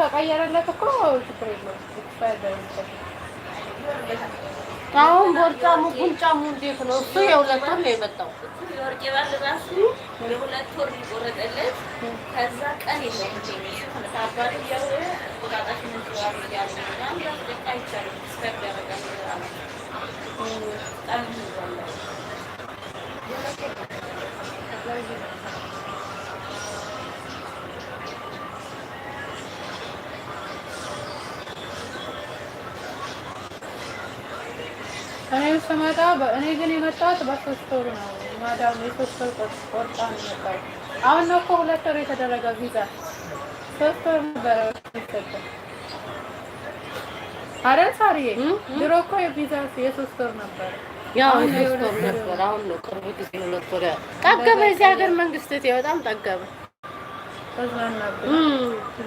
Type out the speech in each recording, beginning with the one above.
ተቀየረለት እኮ ችግር የለውም። አሁን ቦርጫሙ ጉንጫሙ እንዴት ነው? እሱ የሁለት ወር ነው የመጣው። የሁለት ወር ይቆረጠለት። ከዛ ቀን የለም እኔ ስመጣ እኔ ግን የመጣሁት በሶስት ወሩ ነው። ማዳም የሶስት ወር ቆርጣ ነው የመጣሁት። አሁን ነው እኮ ሁለት ወር የተደረገ ቪዛ። ሶስት ወር ነበረ ሰጠ አይደል? ሳሪዬ ድሮ እኮ የቪዛ የሶስት ወር ነበረ። ያው የሶስት ነበር። አሁን ነው ቅርብ ጊዜ ሁለት ወር ጠገበ። የዚህ ሀገር መንግስት ቴ በጣም ጠገበ።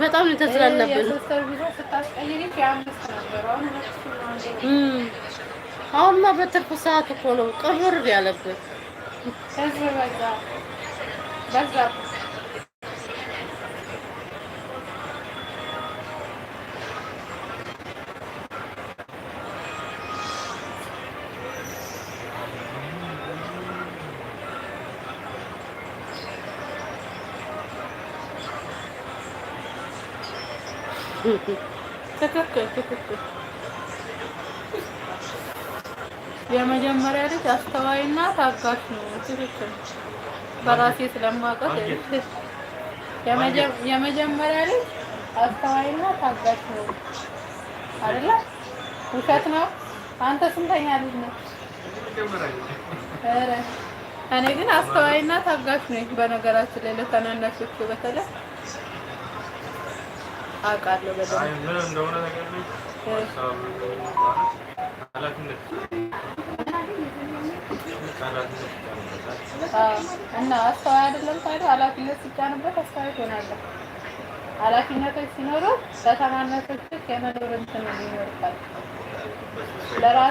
በጣም ነው የተዝናናብን። የሶስት ወር ስታስቀይሪ የአምስት ነበር። አሁን አሁንማ በትርፍ ሰዓት እኮ ነው ቅብር ያለብህ። ትክክል ትክክል የመጀመሪያ ልጅ አስተዋይና ታጋሽ ነው። ትክክል። በራሴ ስለማውቀው የመጀመሪያ ልጅ አስተዋይና ታጋሽ ነው አይደለ? ውሸት ነው። አንተ ስንተኛ ልጅ ነው? ኧረ እኔ ግን አስተዋይና ታጋሽ ነኝ። በነገራችን ላይ ለታናናሾቹ በተለይ አውቃለሁ በደንብ እና አስተዋይ አይደለም ታዲያ ኃላፊነት ሲጫንበት አስተዋይ ትሆናለህ። ኃላፊነቶች ሲኖሩ በተማነቶች የመኖር እንትን ይኖርባል።